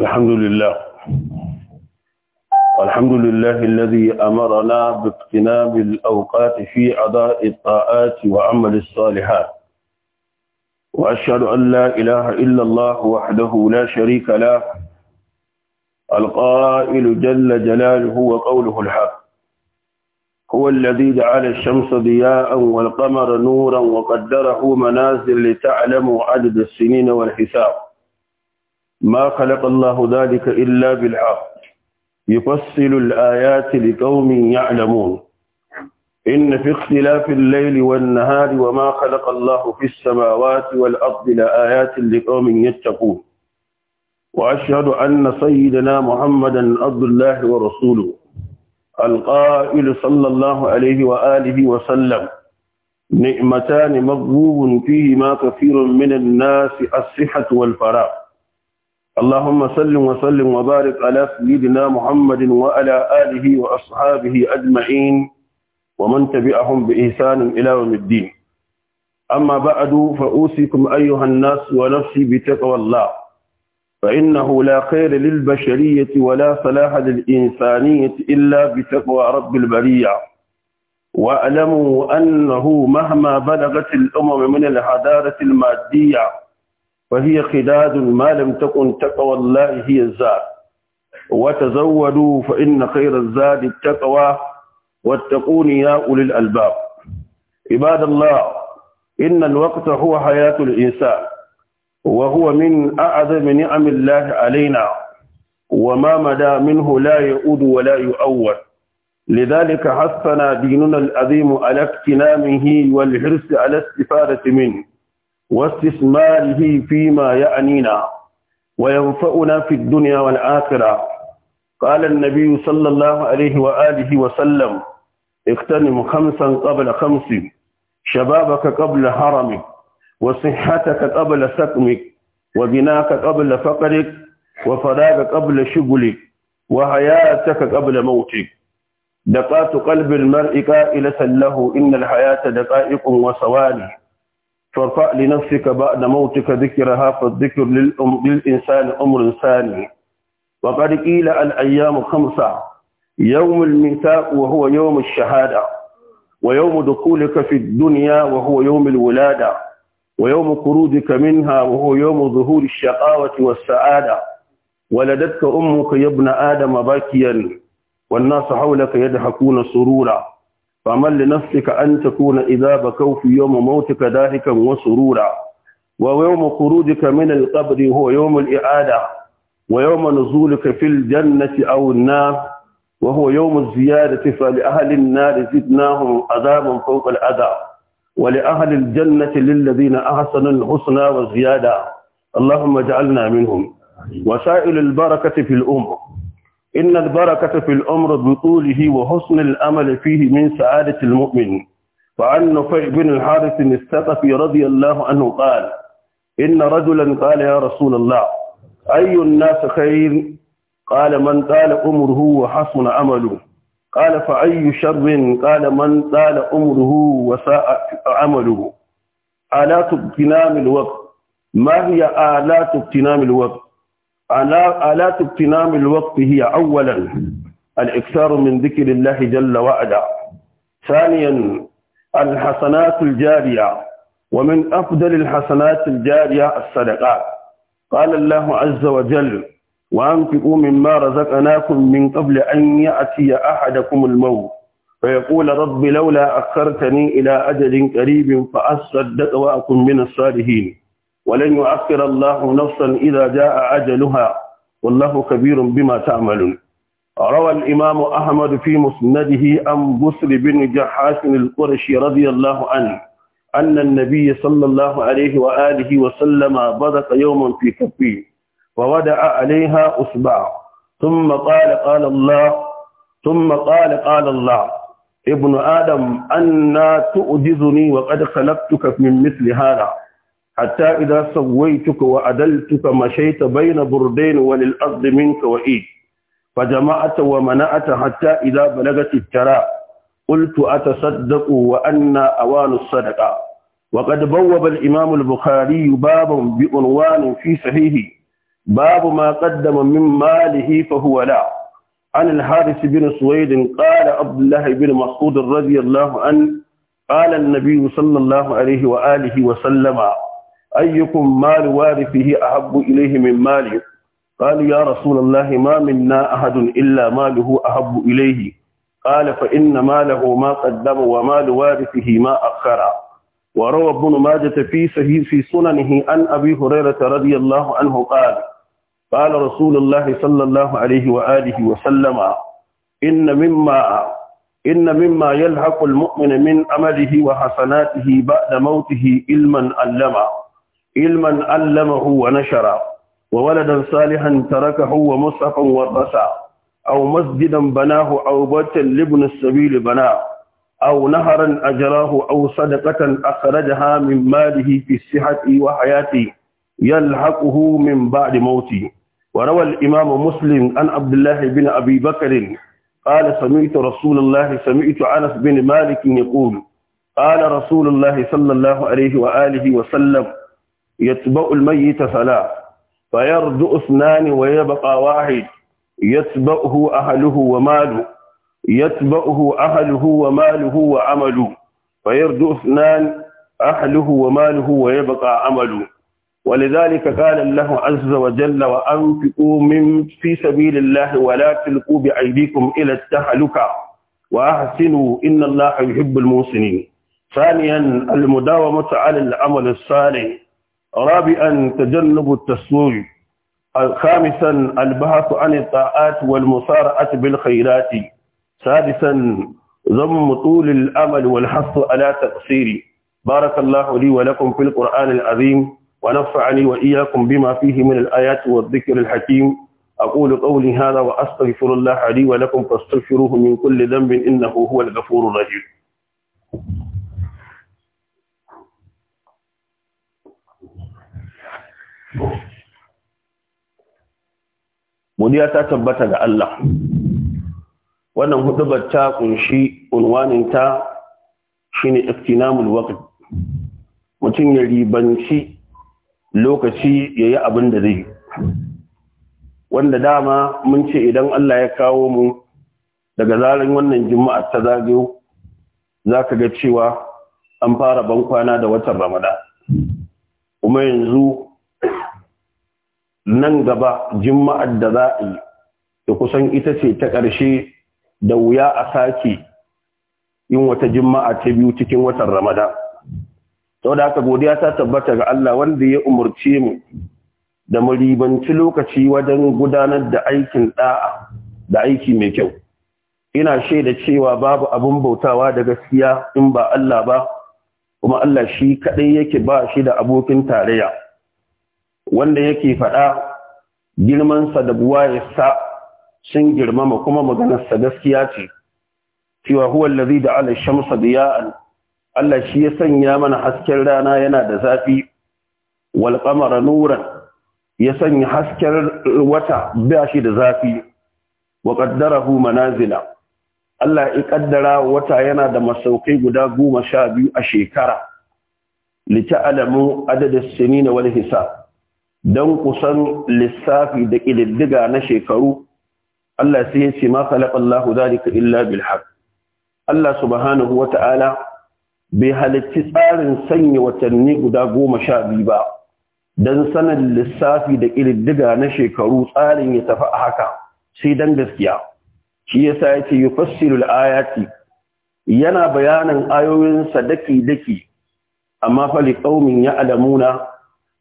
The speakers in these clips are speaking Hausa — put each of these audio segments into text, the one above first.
الحمد لله الحمد لله الذي أمرنا باقتناب الأوقات في أداء الطاعات وعمل الصالحات وأشهد أن لا إله إلا الله وحده لا شريك له القائل جل جلاله وقوله الحق هو الذي جعل الشمس ضياء والقمر نورا وقدره منازل لتعلموا عدد السنين والحساب ما خلق الله ذلك إلا بالحق يفصل الآيات لقوم يعلمون إن في اختلاف الليل والنهار وما خلق الله في السماوات والأرض لآيات لقوم يتقون وأشهد أن سيدنا محمدا عبد الله ورسوله القائل صلى الله عليه وآله وسلم نعمتان مغبوب فيهما كثير من الناس الصحة والفراغ اللهم صل وسلم وبارك على سيدنا محمد وعلى آله وأصحابه أجمعين ومن تبعهم بإحسان إلى يوم الدين أما بعد فأوصيكم أيها الناس ونفسي بتقوى الله فإنه لا خير للبشرية ولا صلاح للإنسانية إلا بتقوى رب البرية واعلموا أنه مهما بلغت الأمم من الحضارة المادية فهي قداد ما لم تكن تقوى الله هي الزاد وتزودوا فإن خير الزاد التقوى واتقون يا أولي الألباب عباد الله إن الوقت هو حياة الإنسان وهو من أعظم نعم الله علينا وما مدى منه لا يؤد ولا يؤول لذلك حثنا ديننا العظيم على اغتنامه والحرص على الاستفادة منه واستثماره فيما يعنينا وينفعنا في الدنيا والآخرة قال النبي صلى الله عليه وآله وسلم اغتنم خمسا قبل خمس شبابك قبل هرمك وصحتك قبل سقمك وبناك قبل فقرك وفراغك قبل شغلك وحياتك قبل موتك دقات قلب المرء قائلة له إن الحياة دقائق وصوالح فارفع لنفسك بعد موتك ذكرها فالذكر للإنسان أمر ثاني وقد قيل الأيام خمسة يوم الميثاق وهو يوم الشهادة ويوم دخولك في الدنيا وهو يوم الولادة ويوم خروجك منها وهو يوم ظهور الشقاوة والسعادة ولدتك أمك يا ابن آدم باكيا والناس حولك يضحكون سرورا فمن لنفسك أن تكون إذا بكوا في يوم موتك ذلك وسرورا ويوم خروجك من القبر هو يوم الإعادة ويوم نزولك في الجنة أو النار وهو يوم الزيادة فلأهل النار زدناهم عذابا فوق العذاب ولأهل الجنة للذين أحسنوا الحسنى والزيادة اللهم اجعلنا منهم وسائل البركة في الأمة إن البركة في الأمر بطوله وحسن الأمل فيه من سعادة المؤمن وعن نفيع بن الحارث الثقفي رضي الله عنه قال إن رجلا قال يا رسول الله أي الناس خير قال من قال أمره وحسن عمله قال فأي شر قال من قال أمره وساء عمله آلات اغتنام الوقت ما هي آلات اغتنام الوقت آلات اغتنام الوقت هي أولا الإكثار من ذكر الله جل وعلا ثانيا الحسنات الجارية ومن أفضل الحسنات الجارية الصدقات قال الله عز وجل وأنفقوا مما رزقناكم من قبل أن يأتي أحدكم الموت فيقول رب لولا أخرتني إلى أجل قريب فأصدق وأكن من الصالحين ولن يؤخر الله نفسا إذا جاء أجلها والله كبير بما تعملون روى الإمام أحمد في مسنده عن بسر بن جحاش القرشي رضي الله عنه أن النبي صلى الله عليه وآله وسلم بذك يوما في كفه وودع عليها أصبع ثم قال قال الله ثم قال قال الله ابن آدم أنا تؤجزني وقد خلقتك من مثل هذا hatta idza sawaituka wa adaltuka mashayta bayna burdayn wa lil ardi minka wa'id فجمعت ومنعت حتى إذا بلغت التراء قلت أتصدق وأن أوان الصدقة وقد بوب الإمام البخاري بابا بعنوان في صحيحه باب ما قدم من ماله فهو لا عن الحارث بن سويد قال عبد الله بن مسعود رضي الله عنه قال النبي صلى الله عليه وآله وسلم أيكم مال وارثه أحب إليه من ماله قال يا رسول الله ما منا أحد إلا ماله أحب إليه قال فإن ماله ما قدم ومال وارثه ما أخر وروى ابن ماجة في صحيح في سننه عن أبي هريرة رضي الله عنه قال قال رسول الله صلى الله عليه وآله وسلم إن مما إن مما يلحق المؤمن من أمله وحسناته بعد موته علما علما علما علمه ونشره وولدا صالحا تركه ومصحفا ورثه أو مسجدا بناه أو بيتا لابن السبيل بناه أو نهرا أجراه أو صدقة أخرجها من ماله في الصحة وحياته يلحقه من بعد موته وروى الإمام مسلم عن عبد الله بن أبي بكر قال سمعت رسول الله سمعت أنس بن مالك يقول قال رسول الله صلى الله عليه وآله وسلم يتبع الميت فلا فيرد اثنان ويبقى واحد يتبعه أهله وماله يتبعه أهله وماله وعمله فيرد اثنان أهله وماله ويبقى عمله ولذلك قال الله عز وجل وأنفقوا من في سبيل الله ولا تلقوا بأيديكم إلى التهلكة وأحسنوا إن الله يحب الموسنين ثانيا المداومة على العمل الصالح رابعا تجنب التسويع خامسا البحث عن الطاعات والمسارعة بالخيرات سادسا ضم طول الأمل والحث على تقصير بارك الله لي ولكم في القرآن العظيم ونفعني وإياكم بما فيه من الآيات والذكر الحكيم أقول قولي هذا وأستغفر الله لي ولكم فاستغفروه من كل ذنب إنه هو الغفور الرحيم godiya ta tabbata ga Allah wannan hudubar ta kunshi unwaninta shine iktinamul waqt mutum ya ribanci lokaci yayi abin da zai wanda dama mun ce idan Allah ya kawo mu daga zarin wannan juma'a ta zagayo zaka ga cewa an fara bankwana da watan Ramadan kuma yanzu nan gaba juma'ar da za a yi da kusan ita ce ta ƙarshe da wuya a sake yin wata juma'a ta biyu cikin watan ramadan sau da haka godiya ta tabbata ga Allah wanda ya umarce mu da mu ribanci lokaci wajen gudanar da aikin da'a da aiki mai kyau ina shaida cewa babu abun bautawa da gaskiya in ba Allah ba kuma Allah shi kaɗai yake ba shi da abokin tarayya wanda yake faɗa girmansa da sa sun girmama kuma maganarsa gaskiya ce cewa huwa allazi da ala shamsa diya'an Allah shi ya sanya mana hasken rana yana da zafi wal nuran ya sanya hasken wata ba shi da zafi wa qaddarahu manazila Allah ya ƙaddara wata yana da masaukai guda goma sha biyu a shekara li ta'lamu adad as-sinin wal hisab don kusan lissafi da ƙididdiga na shekaru Allah sai ya ce ma khalaqallahu zalika illa bil Allah subhanahu wata'ala bai halicci tsarin sanya watanni guda goma sha biyu ba don sanar lissafi da ƙididdiga na shekaru tsarin ya tafi a haka sai dan gaskiya shi yasa ya ce yufassilu ayati yana bayanin ayoyinsa daki-daki amma fa liqaumin na.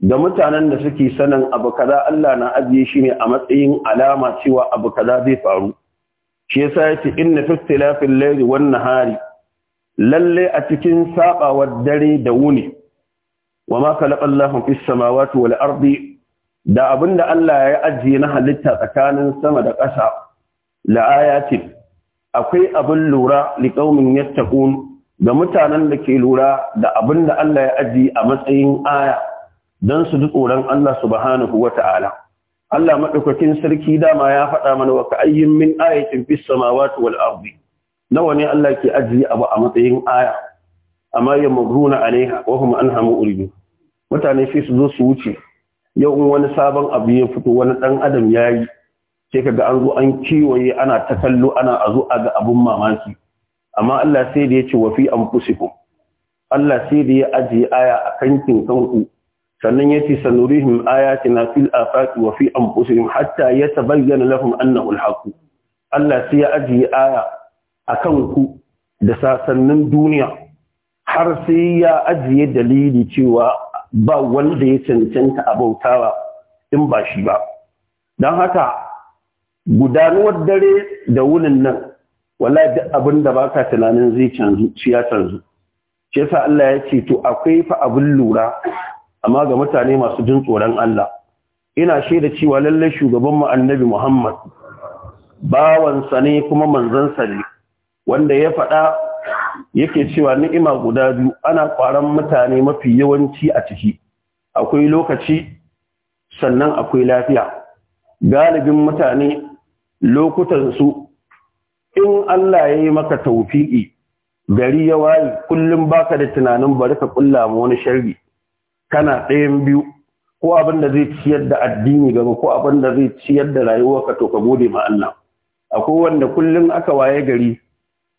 da mutanen da suke sanin abu kaza Allah na ajiye shi ne a matsayin alama cewa abu kaza zai faru shi yasa yace inna fi ikhtilafil layli wan nahari lalle a cikin saɓawar dare da wuni wama khalaqa Allahu fis samawati wal ardi da abinda Allah ya ajiye na halitta tsakanin sama da ƙasa la ayatin akwai abin lura liqaumin yattaqun ga mutanen da ke lura da abinda Allah ya ajiye a matsayin aya don su ji tsoron Allah subhanahu wa ta'ala. Allah maɗaukakin sarki dama ya faɗa mana wa ka'ayyin min ayatin fis samawati wal ardi. Nawa ne Allah ke ajiye abu a matsayin aya amma na alaiha wa an hama mu'ridun. Mutane sai su zo su wuce yau in wani sabon abu ya fito wani ɗan adam ya yi sai ga an zo an kewaye ana ta kallo ana a zo a ga abun mamaki amma Allah sai da ya ce wa fi anfusikum Allah sai da ya ajiye aya a kankin kanku sannan ya yace sanurihim ayatina fil afaqi wa fi anfusihim hatta yatabayyana lahum annahu alhaq Allah sai ya ajiye aya akan ku da sasannin duniya har sai ya ajiye dalili cewa ba wanda ya cancanta a bautawa in ba shi ba don haka gudanuwar dare da wunin nan wala da abin da ba ka tunanin zai canzu shi ya canzu shi yasa Allah ya ce to akwai fa abin lura amma ga mutane masu jin tsoron Allah ina shaida cewa lalle shugaban mu annabi Muhammad bawansa ne kuma manzon sa ne wanda ya faɗa yake cewa ni'ima guda biyu ana kwaran mutane mafi yawanci a ciki akwai lokaci sannan akwai lafiya galibin mutane lokutan su in Allah ya yi maka tawfiki gari ya waye kullum baka da tunanin bari ka kulla wani sharri kana ɗayan biyu ko abin da zai ciyar da addini gaba ko abin da zai ciyar da rayuwarka to ka gode ma Allah akwai wanda kullum aka waye gari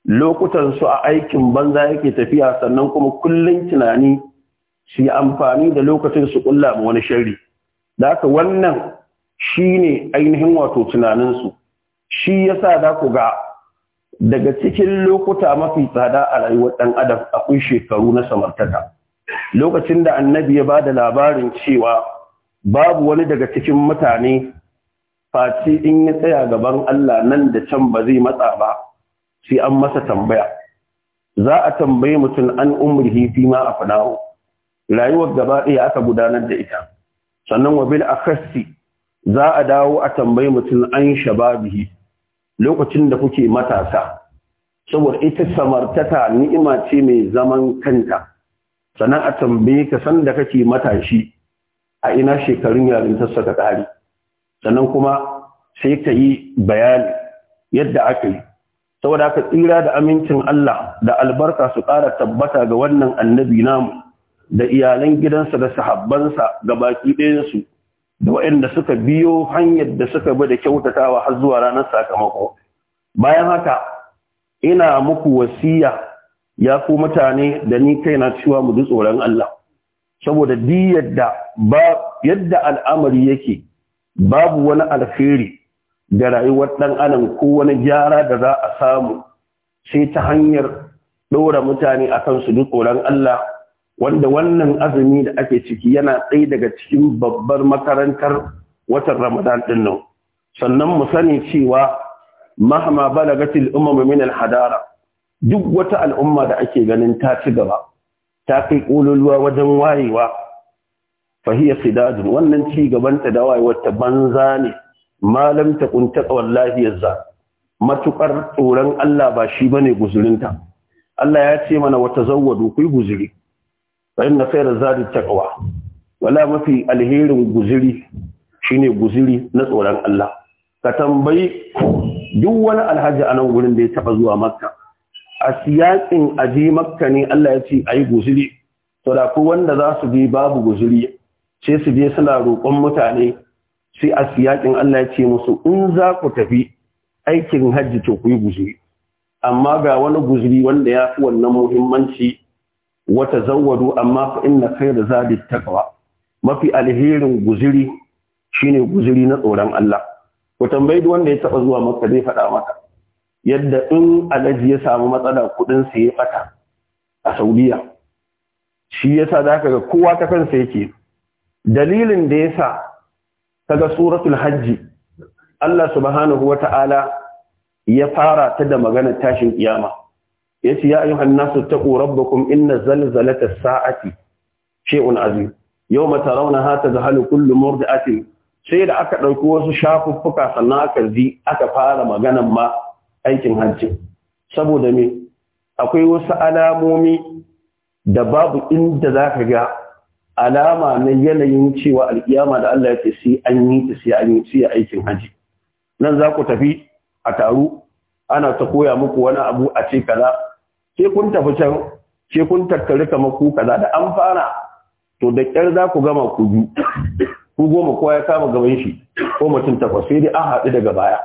lokutan su a aikin banza yake tafiya sannan kuma kullum tunani su amfani da lokacin su kulla ma wani sharri da haka wannan shine ainihin wato tunaninsu, su shi yasa za ku ga daga cikin lokuta mafi tsada a rayuwar ɗan adam akwai shekaru na samartaka lokacin da annabi ya ba da labarin cewa babu wani daga cikin mutane faci in ya tsaya gaban Allah nan da can ba zai matsa ba sai an masa tambaya za a tambaye mutum an umurhi fi ma fadawo rayuwar gaba ɗaya aka gudanar da ita sannan wa bil akhassi za a dawo a tambaye mutum an shababihi lokacin da kuke matasa saboda ita samartata ni'ima ce mai zaman kanta sannan a tambaye ka san da kake matashi a ina shekarun yarintarsa ka kare, sannan kuma sai ka yi bayani yadda aka yi saboda aka tsira da amincin Allah da albarka su ƙara tabbata ga wannan annabi namu da iyalan gidansa da sahabbansa ga baki ɗayansu da waɗanda suka biyo hanyar da suka bi da kyautatawa har zuwa ranar sakamako bayan haka ina muku wasiya ya ku mutane da ni kai na cewa mu ji tsoron Allah saboda di yadda ba yadda al'amari yake babu wani alheri da rayuwar dan adam ko wani gyara da za a samu sai ta hanyar dora mutane akan su ji tsoron Allah wanda wannan azumi da ake ciki yana ɗaya daga cikin babbar makarantar watan Ramadan din nan sannan mu sani cewa mahma balagatil umam min al hadara duk wata al'umma da ake ganin ta ci gaba ta kai ƙololuwa wajen wayewa fahiyar sidajin wannan ci ta da wayewar ta banza ne malam ta kunta tsawon lafiyar za matuƙar tsoron Allah ba shi ba ne guzurinta Allah ya ce mana wata zauwa ku yi guzuri bayan na fayar ta ƙawa. wala mafi alherin guziri shine guziri na tsoron Allah ka tambayi duk wani alhaji a nan wurin da ya taɓa zuwa makka a siyakin aje makka ne Allah ya ce a yi guzuri to da wanda za su je babu guzuri ce su je suna roƙon mutane sai a siyakin Allah ya ce musu in za ku tafi aikin hajji to ku yi guzuri amma ga wani guzuri wanda ya fi wannan muhimmanci wata zawwadu amma fa inna khayra zadi taqwa mafi alherin guzuri shine guzuri na tsoron Allah ku tambayi wanda ya taɓa zuwa makka zai faɗa maka yadda in alaji ya samu matsala kudin sa ya bata a Saudiya shi yasa zaka ga kowa ta kansa yake dalilin da yasa kaga suratul hajji Allah subhanahu ta'ala ya fara ta da maganar tashin kiyama yace ya ayyuhan ta taqu rabbakum inna zalzalata as-sa'ati shay'un azim yawma tarawnaha tadhhalu kullu murdi'atin sai da aka ɗauki wasu shafuffuka sannan aka zi aka fara maganar ma aikin hajji saboda me akwai wasu alamomi da babu inda za ka ga alama na yanayin cewa alkiyama da Allah ya ce sai an yi ta sai an yi sai aikin hajji nan za ku tafi a taru ana ta koya muku wani abu a ce kaza sai kun tafi can sai kun tattare kamar ku kaza da an fara to da ƙyar za ku gama ku bi ku goma kowa ya kama gaban shi ko mutum takwas sai dai an haɗu daga baya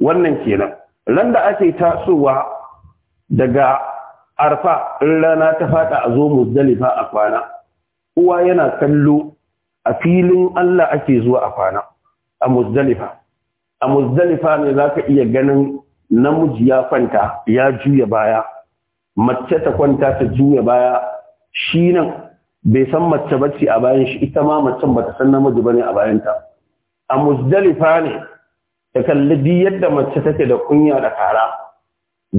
wannan kenan ran da ake tasowa daga arfa in rana ta fada a zo muzdalifa a kwana uwa yana kallo a filin Allah ake zuwa a kwana a muzdalifa a muzdalifa ne za ka iya ganin namiji ya kwanta ya juya baya mace ta kwanta ta juya baya shi nan bai san mace bacci a bayan shi ita ma macen ta san namiji bane a bayanta a muzdalifa ne ka kalli duk yadda mace take da kunya da kara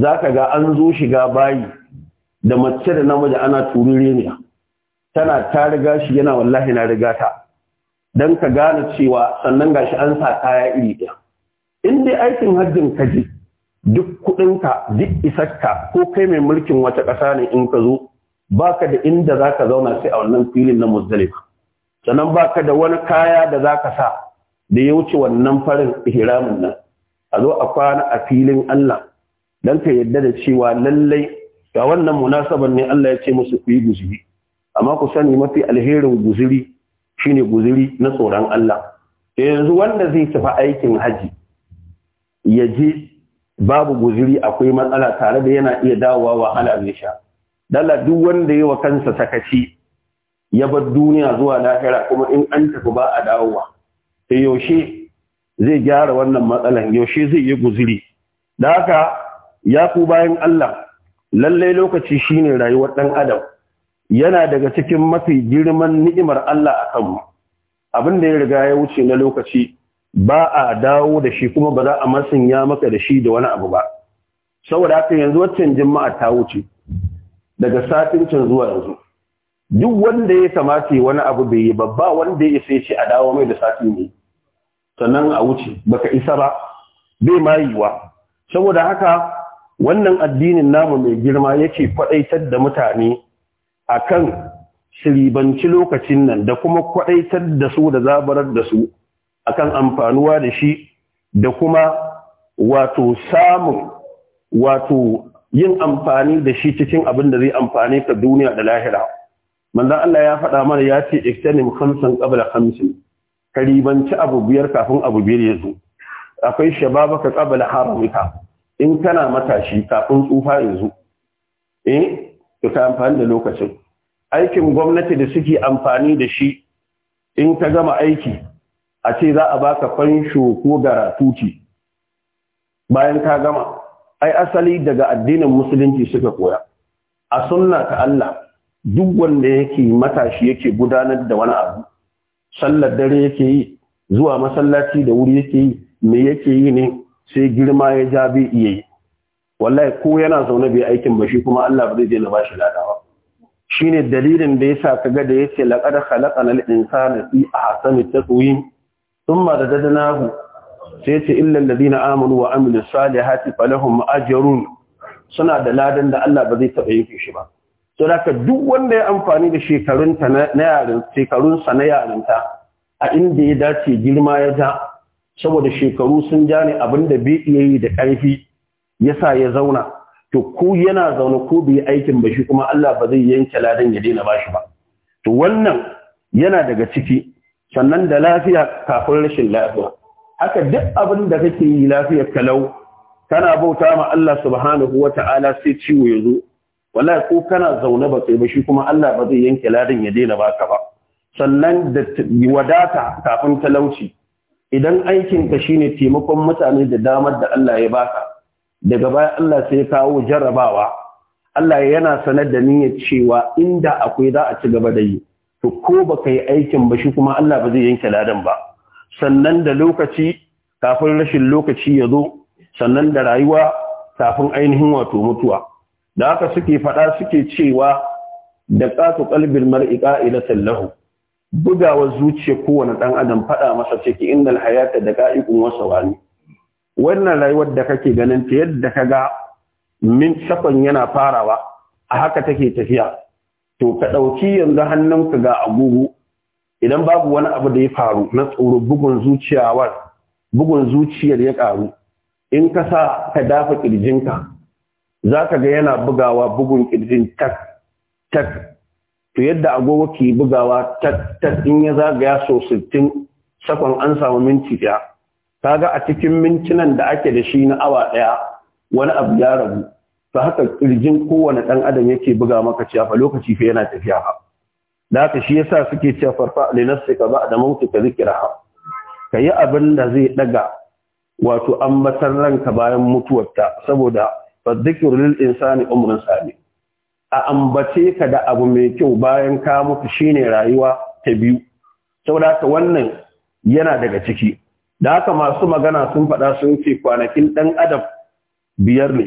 za ka ga an zo shiga bayi da mace da namiji ana turure ne tana ta riga shi yana wallahi na riga ta don ka gane cewa sannan gashi an sa kaya iri ɗaya in dai aikin hajjin ka je duk kuɗinka duk isarka ko kai mai mulkin wata ƙasa ne in ka zo baka da inda za ka zauna sai a wannan filin na muzdalifa sannan baka da wani kaya da za ka sa da ya wuce wannan farin ihramin nan a zo a kwana a filin Allah dan ka yadda da cewa lallai ga wannan munasaban ne Allah ya ce musu ku yi guzuri amma ku sani mafi alherin guziri shine guziri na tsoron Allah yanzu wanda zai tafi aikin haji ya je babu guziri akwai matsala tare da yana iya dawowa wahala zai sha dala duk wanda ya yi wa kansa sakaci ya bar duniya zuwa lahira kuma in an tafi ba a dawowa Eh, yaushe zai gyara wannan matsalan yaushe zai yi guziri da haka ya ku bayan Allah lallai lokaci shine rayuwar ɗan adam yana daga cikin mafi girman ni'imar Allah a kanmu abin da ya riga ya wuce na lokaci ba a dawo da shi kuma ba za a masin ya maka da shi da wani abu ba saboda haka yanzu wancan jama'a ta wuce daga satin can zuwa yanzu duk wanda ya kamata wani abu bai yi babba wanda ya sai ce a dawo mai da sati ne sannan a wuce baka isa ba bai ma yiwa saboda haka wannan addinin namu mai girma yake kwadaitar da mutane akan shiribanci lokacin nan da kuma kwadaitar da su da zabarar da su akan amfanuwa da shi da kuma wato samun wato yin amfani da shi cikin abin da zai amfani ka duniya da lahira manzon Allah ya faɗa mana ya ce iktanim khamsan qabla khamsin karibanci abu biyar kafin abu biyar ya zo akwai shababaka qabla haramika in kana matashi kafin tsufa ya zo eh to ka amfani da lokacin aikin gwamnati da suke amfani da shi in ka gama aiki a ce za a baka fansho ko ce. bayan ka gama ai asali daga addinin musulunci suka koya a sunna ta Allah duk wanda yake matashi yake gudanar da wani abu sallar dare yake yi zuwa masallaci da wuri yake yi me yake yi ne sai girma ya ja bai iya yi wallahi ko yana zaune bai aikin ba shi kuma Allah ba zai je na ba. ladawa shine dalilin da yasa kaga da yace laqad khalaqana al-insana fi ahsani taqwim thumma radadnahu sai yace illa alladhina amanu wa amilus salihati falahum ajrun suna da ladan da Allah ba zai taɓa yi shi ba so da duk wanda ya amfani da na yarin shekarunsa na yarinta a inda ya dace girma ya ja saboda shekaru sun ja ne abin da bai iya yi da ƙarfi sa ya zauna to ko yana zaune ko bai aikin ba shi kuma Allah ba zai yanke ladan ya daina shi ba to wannan yana daga ciki sannan da lafiya kafin rashin lafiya haka duk abin da kake yi lafiyar kalau kana bauta ma Allah subhanahu wata'ala sai ciwo ya zo Wala ko kana zaune ba sai ba shi kuma Allah ba zai yanke ladan ya daina baka ba sannan da wadata kafin talauci idan aikin ka shine taimakon mutane da damar da Allah ya baka daga baya Allah sai ya kawo jarrabawa Allah yana sanar da niyyar cewa inda akwai za a ci gaba da yi to ko ba yi aikin ba shi kuma Allah ba zai yanke ladan ba sannan da lokaci kafin rashin lokaci ya zo sannan da rayuwa kafin ainihin wato mutuwa da haka suke faɗa suke cewa da ƙatu ƙalbin mar'i ƙa'ilatan lahu bugawa zuciya kowane ɗan adam faɗa masa ciki innal hayata da ƙa'ikun wasa wani wannan rayuwar da kake ganin ta yadda ka ga min sakon yana farawa a haka take tafiya to ka ɗauki yanzu hannunka ga agogo idan babu wani abu da ya faru na tsoro bugun zuciyawar bugun zuciyar ya ƙaru in ka sa ka dafa ƙirjinka za ka ga yana bugawa bugun ƙirjin tak tak to yadda agogo ke bugawa tak tak in ya zagaya so 60 sakon an samu minti Ka ga a cikin mintunan da ake da shi na awa ɗaya wani abu ya rabu ta haka ƙirjin kowane ɗan adam yake buga maka cewa lokaci fa yana tafiya ha da haka shi yasa suke cewa farfa li nafsika ba da mautu ka zikira kayi abin da zai daga wato ambatar ranka bayan mutuwarta saboda fa dhikru lil insani umrun sami a ambace ka da abu mai kyau bayan ka mutu shine rayuwa ta biyu saboda haka wannan yana daga ciki da haka masu magana sun faɗa sun ce kwanakin ɗan adam biyar ne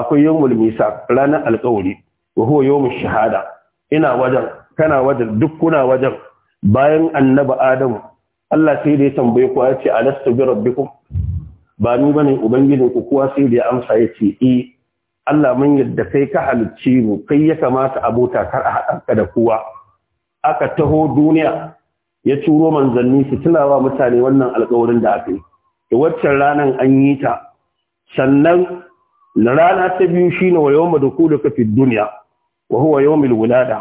akwai yawmul misa ranar alƙawari wa huwa yawmul shahada ina wajen kana wajen duk kuna wajen bayan annabi adam Allah sai da ya tambaye ku ya ce alastu bi rabbikum ba ni bane ubangijin ku kowa sai da ya amsa ya ce eh Allah mun yadda kai ka halicce mu kai ya kamata abota kar a haɗa da kowa aka taho duniya ya turo manzanni su tunawa mutane wannan alƙawarin da aka yi da waccan ranar an yi ta sannan rana ta biyu shine wa yawma ka fi duniya, wa huwa yawmul wulada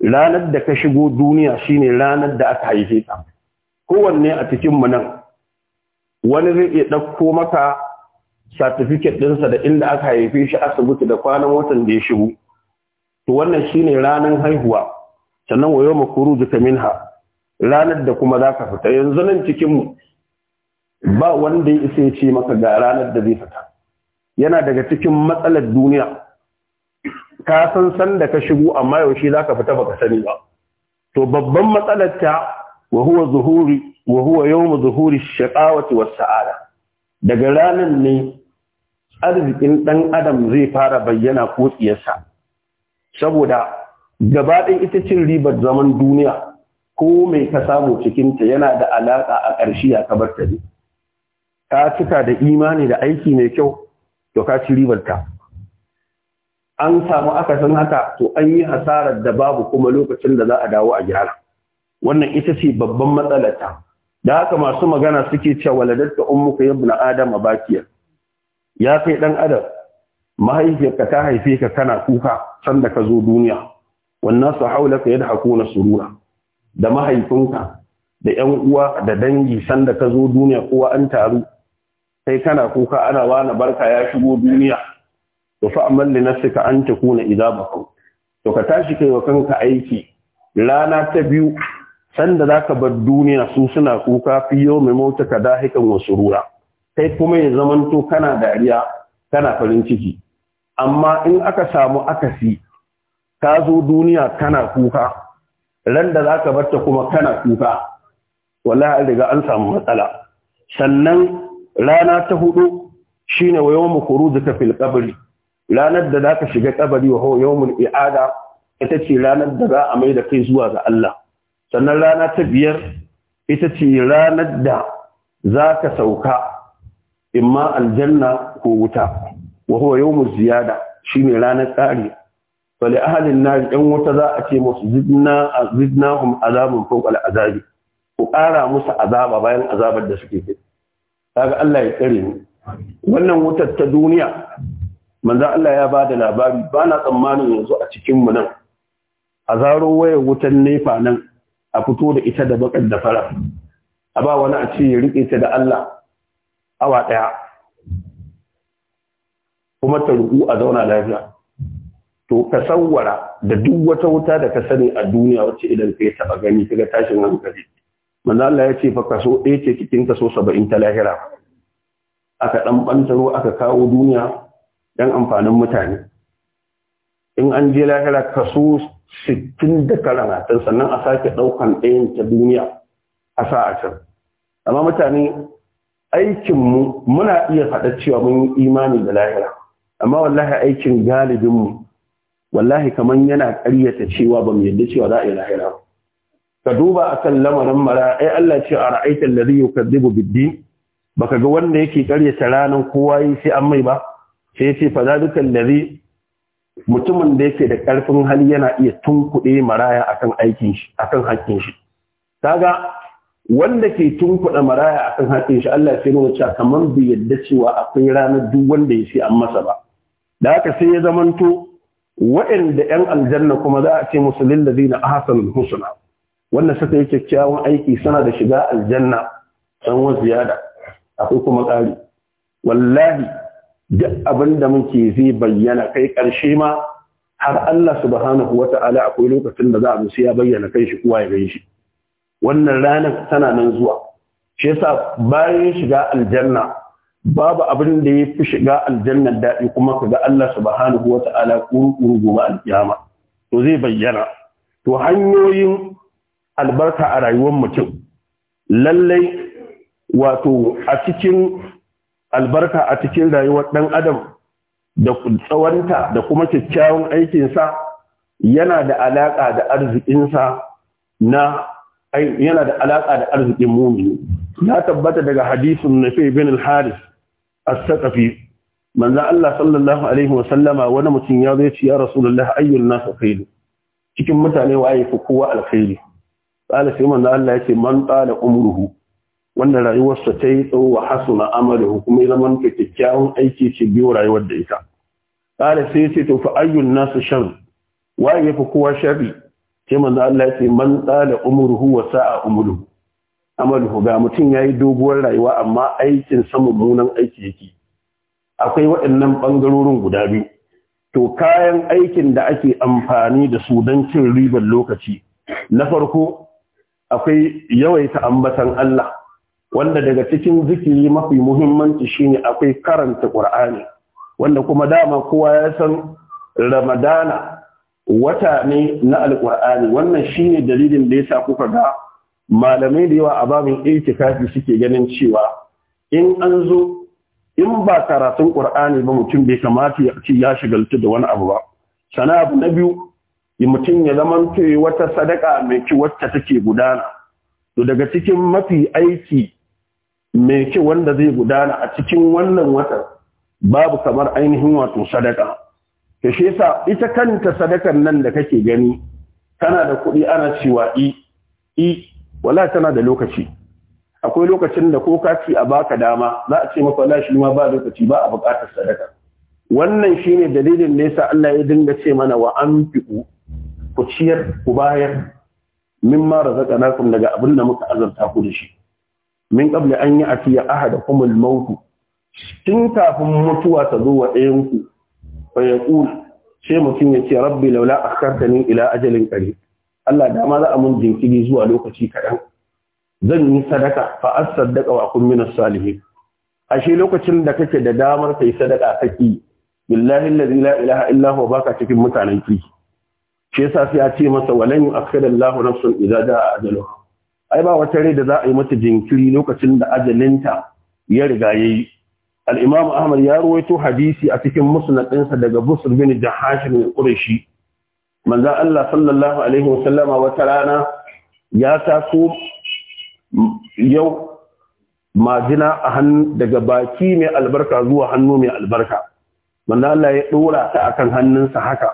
ranar da ka shigo duniya shine ranar da aka haife ta. kowanne a cikin mu nan wani zai iya ɗauko maka certificate ɗinsa da inda aka haife shi asibiti da kwanan watan da ya shigo to wannan shine ranar haihuwa sannan wa yawma khurujuka minha ranar da kuma za ka fita yanzu nan cikin mu ba wanda ya isa ya ce maka ga ranar da zai fita yana daga cikin matsalar duniya ka san san da ka shigo amma yaushe ka fita baka sani ba to babban matsalar ta وهو ظهور وهو wa ظهور الشقاوة zuhuri daga ranan ne arzikin dan adam zai fara bayyana ko tsiyarsa saboda gaba gabaɗin ita cin ribar zaman duniya ko mai ka samu cikinta yana da alaƙa a ƙarshe a kabar ta ne ka cika da imani da aiki mai kyau to ka ci ribar ta an samu akasin haka to an yi hasarar da babu kuma lokacin da za a dawo a gyara wannan ita ce babban matsalata da haka masu magana suke cewa waladatta ummuka ibn adam bakiya ya kai dan adam mahaifiyarka ta haife ka kana kuka san da ka zo duniya wannan su haulaka yadhakuna surura da mahaifinka da ƴan uwa da dangi san da ka zo duniya kowa an taru sai kana kuka ana wani barka ya shigo duniya to fa amal li nafsika an takuna idza baqaw to ka tashi kai wa kanka aiki rana ta biyu sanda za ka bar duniya su suna kuka fi yau mai mota ka dahikan wasu rura kai kuma ya zamanto kana dariya kana farin ciki amma in aka samu akasi ka zo duniya kana kuka ran da za ka barta kuma kana kuka wallahi an riga an samu matsala sannan rana ta hudu shine wa yawmu khurujuka fil qabri ranar da za ka shiga ƙabari, wa yawmul i'ada ita ce ranar da za a mai da kai zuwa ga Allah sannan rana ta biyar ita ce ranar da za ka sauka in ma aljanna ko wuta wa huwa mu ziyada shine ranar tsari fali ahalin na yan wuta za a ce musu zidna zidnahum azabun fawqa al'azabi ku ƙara musu azaba bayan azabar da suke kai kaga Allah ya tsare ni wannan wutar ta duniya manzo Allah ya ba da labari ba na tsammanin yanzu a cikin mu nan a zaro wayar wutar nefa nan a fito da ita da bakar da fara a ba wani a ce ya riƙe ta da Allah awa ɗaya kuma ta ruku a zauna lafiya to ka sawwara da duk wata wuta da ka sani a duniya wacce idan ka taɓa gani kaga tashin hankali manzo Allah ya ce fa kaso ɗaya ce cikin kaso saba'in ta lahira aka ɗan ɓantaro aka kawo duniya don amfanin mutane in an je lahira kaso sittin da karatun sannan a sake ɗaukan ɗayan ta duniya a sa a can amma mutane aikinmu muna iya faɗa cewa mun yi imani da lahira amma wallahi aikin galibinmu wallahi kamar yana ƙaryata cewa ba mu yadda cewa za a yi lahira ka duba a kan lamarin mara ai Allah ce a ra'aitar da zai yukadzibu biddi baka ga wanda yake ƙaryata ranar kowa yi sai an mai ba sai ya ce fa zalikan da zai mutumin da yake da ƙarfin hali yana iya tunkuɗe maraya akan aikin shi akan haƙƙin shi kaga wanda ke tunkuɗa maraya akan haƙƙin shi Allah sai nuna cewa kamar bai yadda cewa akwai ranar duk wanda ya sai an masa ba da haka sai ya zamanto waɗanda 'yan aljanna kuma za a ce musu lillazina ahsanul husna wanda suka kyakkyawan aiki suna da shiga aljanna san ziyada akwai kuma ƙari wallahi duk abin da muke zai bayyana kai ƙarshe ma har Allah subhanahu wa ta'ala akwai lokacin da za a musu ya bayyana kai shi kuwa ya gan shi wannan ranar tana nan zuwa shi yasa bayan shiga aljanna babu abin da ya fi shiga aljannar daɗi kuma ka ga Allah subhanahu wa ta'ala kuru-kuru gobe alƙiyama to zai bayyana to hanyoyin albarka a rayuwar mutum lallai wato a cikin albarka a cikin rayuwar ɗan adam da tsawonta da kuma kyakkyawan aikinsa yana da alaƙa da arzikinsa na yana da alaƙa da arzikin mumini Na tabbata daga hadisin nafi bin al-haris as-saqafi manzo Allah sallallahu alaihi wa sallama wani mutum ya zo ya rasulullahi ayyul nas khairu cikin mutane waye fi kowa alkhairi qala sai manzo Allah yace man qala umruhu wannan rayuwarsa ta yi tsawo wa hasuna amalu kuma ya zama ta kyakkyawan aiki ce biyu rayuwar da ita Kare sai ce to fa ayyun nasu shan waye yafi kowa sharri sai manzo Allah ya ce man tsala umruhu wa sa'a umruhu amaluhu ga mutum yayi doguwar rayuwa amma aikin sa mummunan aiki yake akwai waɗannan bangarorin guda biyu to kayan aikin da ake amfani da su don cin ribar lokaci na farko akwai yawaita ambatan Allah wanda daga cikin zikiri mafi muhimmanci shine akwai karanta ƙur'ani wanda kuma dama kowa ya san Ramadana wata ne na Alƙur'ani wannan shine dalilin da ya sa kuka ga malamai da yawa a babin kafi suke ganin cewa in an zo in ba karatun ƙur'ani ba mutum bai kamata ya ci ya shigaltu da wani abu ba sana abu na biyu mutum ya zama wata sadaka mai ci wacce take gudana to daga cikin mafi aiki mai kyau wanda zai gudana a cikin wannan watan babu kamar ainihin wato sadaka ta shi yasa ita kanta sadakar nan da kake gani Kana da kuɗi ana cewa i i wala tana da lokaci akwai lokacin da ko ka ci a baka dama za a ce maka wala shi ma ba lokaci ba a buƙatar sadaka wannan shine dalilin da yasa Allah ya dinga ce mana wa anfiqu ku ciyar ku bayar mimma razaqnakum daga abin da muka azurta ku da shi min qabla an ya'tiya ahadakum al-maut tin kafin mutuwa ta zo wa ɗayan ku fa yaqul sai mutum ya ce rabbi laula akhartani ila ajalin qarib Allah da ma za a mun jinkiri zuwa lokaci kaɗan zan yi sadaka fa asaddaka wa kun min salihin ashe lokacin da kake da damar kai sadaka kake billahi allazi la ilaha illa huwa baka cikin mutanen ki shi yasa sai a ce masa walan yu'akhkhira Allahu nafsan idza jaa ajaluha ai ba wata rai da za a yi mata jinkiri lokacin da ajalinta ya riga ya al-imam ahmad ya ruwaito hadisi a cikin musnad ɗinsa daga busur bin jahash bin quraishi Manza Allah sallallahu alaihi wasallama wata rana ya taso yau majina a hannu daga baki mai albarka zuwa hannu mai albarka manzo Allah ya ɗora ta akan hannunsa haka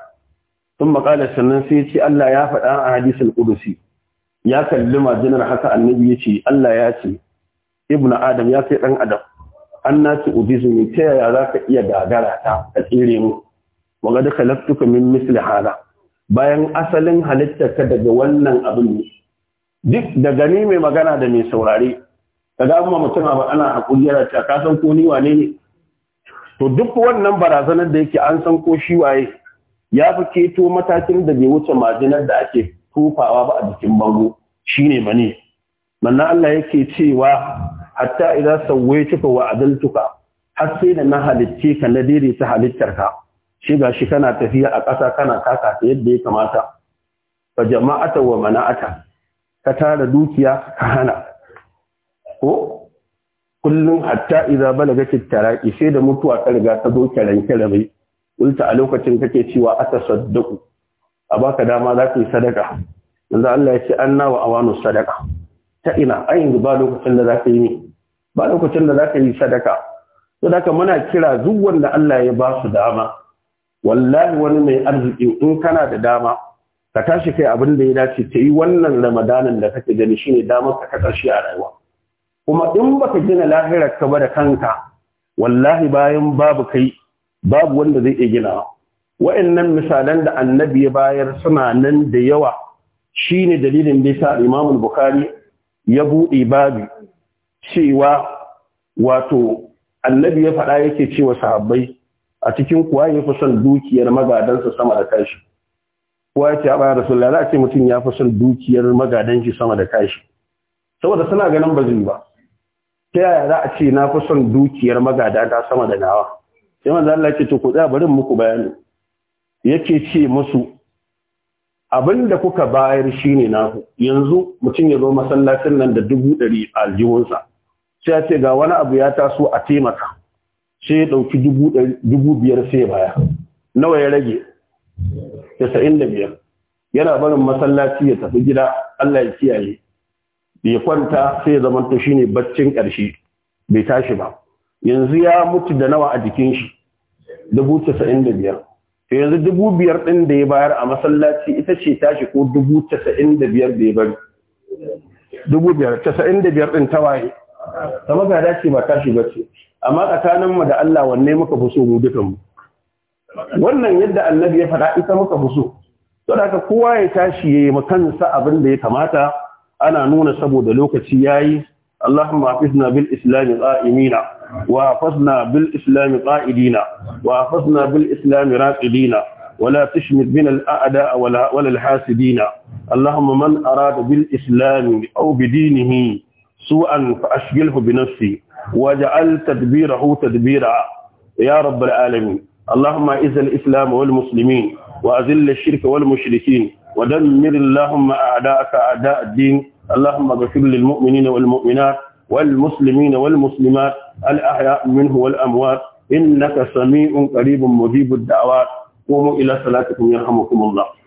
sun makala sannan sai ce Allah ya faɗa a hadisin qudusi ya kalli majinar haka annabi ya ce Allah ya ce ibnu adam ya kai dan adam an na ci ne ta yaya za ka iya gagara ta a tsere mu waga duka laftuka min misli hala. bayan asalin halittar ka daga wannan abin ne duk da gani mai magana da mai saurare Da mutum abu ana hakuri yana ta ka san ko ni wane ne to duk wannan barazanar da yake an san ko shi waye ya fi keto matakin da bai wuce majinar da ake tufawa ba a jikin bango Shi ba mani manna Allah yake cewa hatta idan cika wa adaltuka har sai da na halicce ka na daidaita halittarka shi gashi kana tafiya a ƙasa kana kaka ta yadda ya kamata ba jama'ata wa mana'ata ka tara dukiya ka hana ko kullum hatta bala balagati tattara sai da mutuwa ta riga ta zo kiran kirabai ulta a lokacin kake cewa atasaddaqu a baka dama za ka yi sadaka yanzu Allah ya ce an nawa awanu sadaka ta ina ai yanzu ba lokacin da za ka yi ne? ba lokacin da za ka yi sadaka to da ka muna kira duk wanda Allah ya ba su dama wallahi wani mai arziki in kana da dama ka tashi kai abin da ya dace ta yi wannan ramadanin da kake gani shine damar ka ta a rayuwa kuma in baka gina lahirar ka ba da kanka wallahi bayan babu kai babu wanda zai iya ginawa. wa'annan misalan da annabi ya bayar suna nan da yawa shine dalilin da yasa Imam Bukhari ya buɗe babu cewa wato annabi ya faɗa yake cewa sahabbai a cikin kuwa ya fi son dukiyar magadansa sama da kashi kuwa ya ce a bayan rasulullah a ce mutum ya fi son dukiyar magadanshi sama da kashi saboda suna ganin ba ba ta yaya za a ce na fi son dukiyar magada ta sama da nawa sai manzo Allah to ku tsaya bari muku bayani yake ce musu abinda kuka bayar shine naku yanzu mutum ya zo masallacin nan da dubu ɗari a aljihunsa sai ce ga wani abu ya taso a taimaka sai ya ɗauki dubu biyar sai baya nawa ya rage casa'in da biyar yana barin masallaci ya tafi gida allah ya kiyaye bai kwanta sai ya zamanta shine baccin ƙarshe bai tashi ba yanzu ya mutu da nawa a jikin shi dubu casa'in da biyar yanzu dubu biyar ɗin da ya bayar a masallaci ita ce tashi ko dubu casa'in da biyar da ya bari dubu biyar casa'in da biyar ɗin ta waye ta ya dace ba tashi ba ce amma tsakanin mu da Allah wanne muka fi so mu dukan mu wannan yadda annabi ya faɗa ita muka fi so to da kowa ya tashi ya yi kansa abin da ya kamata ana nuna saboda lokaci yayi Allahumma hafizna bil islami qa'imina wa hafizna bil islami qa'idina وأخذنا بالإسلام راقدين ولا تشمت بنا الأعداء ولا, ولا الحاسدين اللهم من أراد بالإسلام أو بدينه سوءا فأشغله بنفسي وجعل تدبيره تدبيرا يا رب العالمين اللهم اعز الإسلام والمسلمين وأذل الشرك والمشركين ودمر اللهم أعداءك أعداء الدين اللهم اغفر للمؤمنين والمؤمنات والمسلمين والمسلمات الأحياء منه والأموات innaka sami'un qaribun mujibud da'awat qumu ila salatikum yarhamukumullah